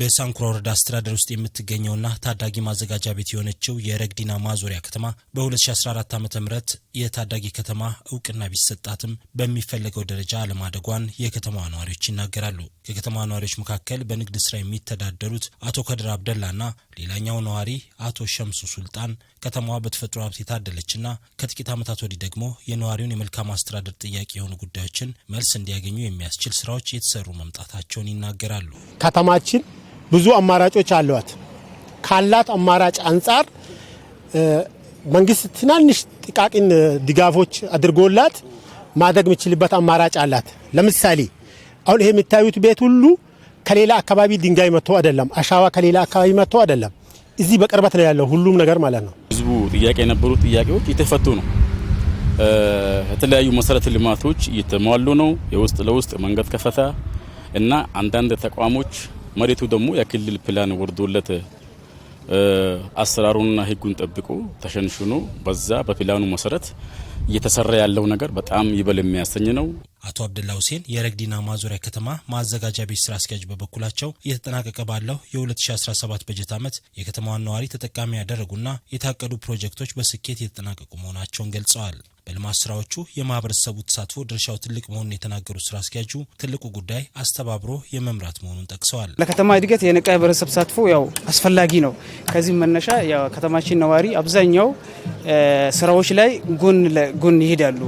በሳንኩራ ወረዳ አስተዳደር ውስጥ የምትገኘውና ታዳጊ ማዘጋጃ ቤት የሆነችው የረግዲና ማዞሪያ ከተማ በ2014 ዓ ም የታዳጊ ከተማ እውቅና ቢሰጣትም በሚፈለገው ደረጃ አለማደጓን የከተማዋ ነዋሪዎች ይናገራሉ። ከከተማዋ ነዋሪዎች መካከል በንግድ ስራ የሚተዳደሩት አቶ ከድር አብደላና ሌላኛው ነዋሪ አቶ ሸምሱ ሱልጣን ከተማዋ በተፈጥሮ ሀብት የታደለችና ከጥቂት ዓመታት ወዲህ ደግሞ የነዋሪውን የመልካም አስተዳደር ጥያቄ የሆኑ ጉዳዮችን መልስ እንዲያገኙ የሚያስችል ስራዎች እየተሰሩ መምጣታቸውን ይናገራሉ። ከተማችን ብዙ አማራጮች አሏት። ካላት አማራጭ አንጻር መንግስት ትናንሽ ጥቃቅን ድጋፎች አድርጎላት ማደግ የምችልበት አማራጭ አላት። ለምሳሌ አሁን ይሄ የምታዩት ቤት ሁሉ ከሌላ አካባቢ ድንጋይ መጥቶ አይደለም፣ አሻዋ ከሌላ አካባቢ መጥቶ አይደለም። እዚህ በቅርበት ላይ ያለው ሁሉም ነገር ማለት ነው። ህዝቡ ጥያቄ የነበሩ ጥያቄዎች እየተፈቱ ነው። የተለያዩ መሰረተ ልማቶች እየተሟሉ ነው። የውስጥ ለውስጥ መንገድ ከፈታ እና አንዳንድ ተቋሞች መሬቱ ደግሞ የክልል ፕላን ወርዶለት አሰራሩንና ህጉን ጠብቆ ተሸንሽኖ በዛ በፕላኑ መሰረት እየተሰራ ያለው ነገር በጣም ይበል የሚያሰኝ ነው። አቶ አብደላ ሁሴን የረግዲና ማዞሪያ ከተማ ማዘጋጃ ቤት ስራ አስኪያጅ በበኩላቸው እየተጠናቀቀ ባለው የ2017 በጀት ዓመት የከተማዋን ነዋሪ ተጠቃሚ ያደረጉና የታቀዱ ፕሮጀክቶች በስኬት የተጠናቀቁ መሆናቸውን ገልጸዋል። በልማት ስራዎቹ የማህበረሰቡ ተሳትፎ ድርሻው ትልቅ መሆኑን የተናገሩት ስራ አስኪያጁ ትልቁ ጉዳይ አስተባብሮ የመምራት መሆኑን ጠቅሰዋል። ለከተማ እድገት የነቃ የህብረተሰብ ተሳትፎ ያው አስፈላጊ ነው። ከዚህ መነሻ ከተማችን ነዋሪ አብዛኛው ስራዎች ላይ ጎን ለጎን ይሄዳሉ።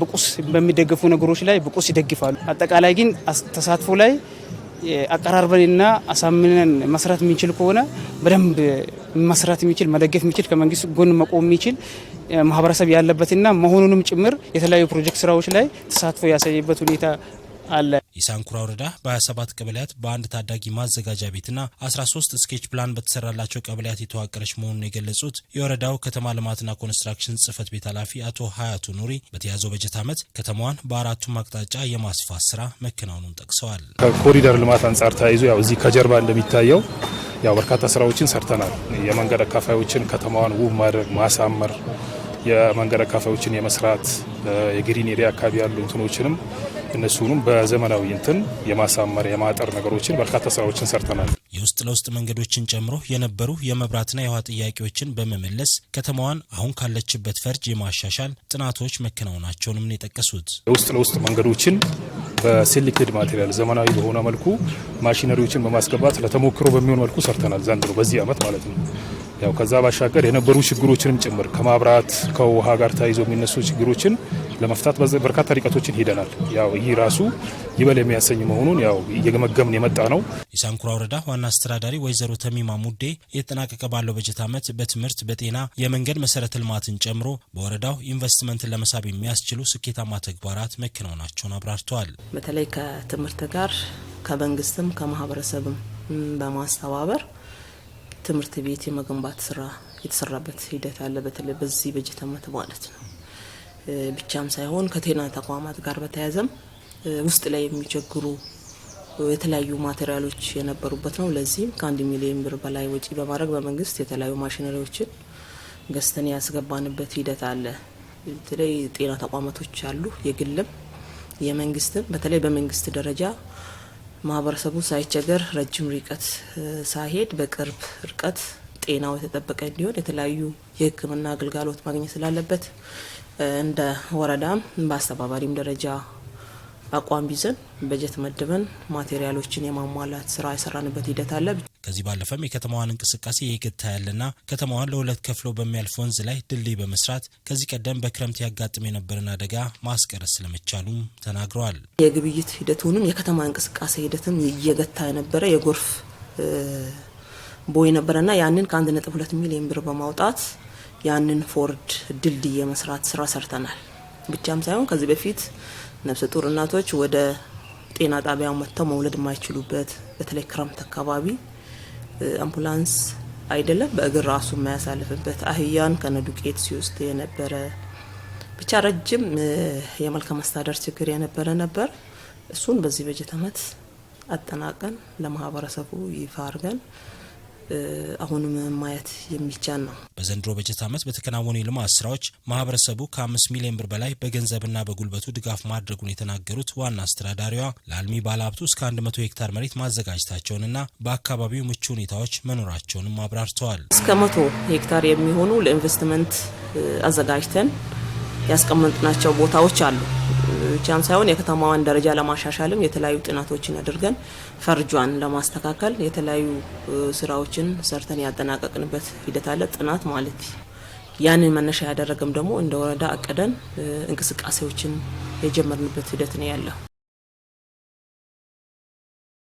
ብቁስ በሚደገፉ ነገሮች ላይ ብቁስ ይደግፋሉ። አጠቃላይ ግን ተሳትፎ ላይ አቀራርበንና አሳምነን መስራት የሚችል ከሆነ በደንብ መስራት የሚችል መደገፍ የሚችል ከመንግስት ጎን መቆም የሚችል ማህበረሰብ ያለበትና መሆኑንም ጭምር የተለያዩ ፕሮጀክት ስራዎች ላይ ተሳትፎ ያሳየበት ሁኔታ አለ። የሳንኩራ ወረዳ በ27 ቀበሌያት በአንድ ታዳጊ ማዘጋጃ ቤትና 13 ስኬች ፕላን በተሰራላቸው ቀበሌያት የተዋቀረች መሆኑን የገለጹት የወረዳው ከተማ ልማትና ኮንስትራክሽን ጽህፈት ቤት ኃላፊ አቶ ሀያቱ ኑሪ በተያዘው በጀት ዓመት ከተማዋን በአራቱም አቅጣጫ የማስፋት ስራ መከናወኑን ጠቅሰዋል። ከኮሪደር ልማት አንጻር ተያይዞ ያው እዚህ ከጀርባ እንደሚታየው ያው በርካታ ስራዎችን ሰርተናል። የመንገድ አካፋዮችን ከተማዋን ውብ ማድረግ ማሳመር የመንገድ አካፋዮችን የመስራት የግሪን ኤሪያ አካባቢ ያሉ እንትኖችንም እነሱንም በዘመናዊ እንትን የማሳመር የማጠር ነገሮችን በርካታ ስራዎችን ሰርተናል። የውስጥ ለውስጥ መንገዶችን ጨምሮ የነበሩ የመብራትና የውሃ ጥያቄዎችን በመመለስ ከተማዋን አሁን ካለችበት ፈርጅ የማሻሻል ጥናቶች መከናወናቸውንም የጠቀሱት። የውስጥ ለውስጥ መንገዶችን በሴሌክትድ ማቴሪያል ዘመናዊ በሆነ መልኩ ማሽነሪዎችን በማስገባት ለተሞክሮ በሚሆን መልኩ ሰርተናል። ዘንድሮ በዚህ ዓመት ማለት ነው። ያው ከዛ ባሻገር የነበሩ ችግሮችንም ጭምር ከማብራት ከውሃ ጋር ተያይዞ የሚነሱ ችግሮችን ለመፍታት በርካታ ርቀቶችን ሄደናል። ያው ይህ ራሱ ይበል የሚያሰኝ መሆኑን ያው እየገመገምን የመጣ ነው። የሳንኩራ ወረዳ ዋና አስተዳዳሪ ወይዘሮ ተሚማ ሙዴ እየተጠናቀቀ ባለው በጀት ዓመት በትምህርት በጤና የመንገድ መሰረተ ልማትን ጨምሮ በወረዳው ኢንቨስትመንትን ለመሳብ የሚያስችሉ ስኬታማ ተግባራት መከናወናቸውን አብራርተዋል። በተለይ ከትምህርት ጋር ከመንግስትም ከማህበረሰብም በማስተባበር ትምህርት ቤት የመገንባት ስራ የተሰራበት ሂደት አለ። በተለይ በዚህ በጀት ማለት ነው ብቻም ሳይሆን ከጤና ተቋማት ጋር በተያያዘም ውስጥ ላይ የሚቸግሩ የተለያዩ ማቴሪያሎች የነበሩበት ነው። ለዚህም ከአንድ ሚሊዮን ብር በላይ ወጪ በማድረግ በመንግስት የተለያዩ ማሽነሪዎችን ገዝተን ያስገባንበት ሂደት አለ። በተለይ ጤና ተቋማቶች አሉ የግልም የመንግስትም በተለይ በመንግስት ደረጃ ማህበረሰቡ ሳይቸገር ረጅም ርቀት ሳይሄድ በቅርብ ርቀት ጤናው የተጠበቀ እንዲሆን የተለያዩ የሕክምና አገልጋሎት ማግኘት ስላለበት እንደ ወረዳም በአስተባባሪም ደረጃ አቋም ቢዘን በጀት መድበን ማቴሪያሎችን የማሟላት ስራ የሰራንበት ሂደት አለ። ከዚህ ባለፈም የከተማዋን እንቅስቃሴ የግታ ያለና ከተማዋን ለሁለት ከፍሎ በሚያልፍ ወንዝ ላይ ድልድይ በመስራት ከዚህ ቀደም በክረምት ያጋጥም የነበረን አደጋ ማስቀረት ስለመቻሉም ተናግረዋል። የግብይት ሂደቱንም የከተማ እንቅስቃሴ ሂደትን እየገታ የነበረ የጎርፍ ቦይ ነበረና ያንን ከአንድ ነጥብ ሁለት ሚሊዮን ብር በማውጣት ያንን ፎርድ ድልድይ የመስራት ስራ ሰርተናል። ብቻም ሳይሆን ከዚህ በፊት ነፍሰ ጡር እናቶች ወደ ጤና ጣቢያ መጥተው መውለድ የማይችሉበት በተለይ ክረምት አካባቢ አምቡላንስ አይደለም በእግር ራሱ የማያሳልፍበት አህያን ከነዱቄት ሲወስድ የነበረ ብቻ ረጅም የመልካም አስተዳደር ችግር የነበረ ነበር። እሱን በዚህ በጀት አመት አጠናቀን ለማህበረሰቡ ይፋ አርገን አሁንም ማየት የሚቻል ነው። በዘንድሮ በጀት ዓመት በተከናወኑ የልማት ስራዎች ማህበረሰቡ ከአምስት ሚሊዮን ብር በላይ በገንዘብና በጉልበቱ ድጋፍ ማድረጉን የተናገሩት ዋና አስተዳዳሪዋ ለአልሚ ባለሀብቱ እስከ መቶ ሄክታር መሬት ማዘጋጀታቸውንና በአካባቢው ምቹ ሁኔታዎች መኖራቸውንም አብራርተዋል። እስከ መቶ ሄክታር የሚሆኑ ለኢንቨስትመንት አዘጋጅተን ያስቀመጥናቸው ቦታዎች አሉ። ብቻም ሳይሆን የከተማዋን ደረጃ ለማሻሻልም የተለያዩ ጥናቶችን አድርገን ፈርጇን ለማስተካከል የተለያዩ ስራዎችን ሰርተን ያጠናቀቅንበት ሂደት አለ። ጥናት ማለት ያንን መነሻ ያደረገም ደግሞ እንደ ወረዳ አቅደን እንቅስቃሴዎችን የጀመርንበት ሂደት ነው ያለው።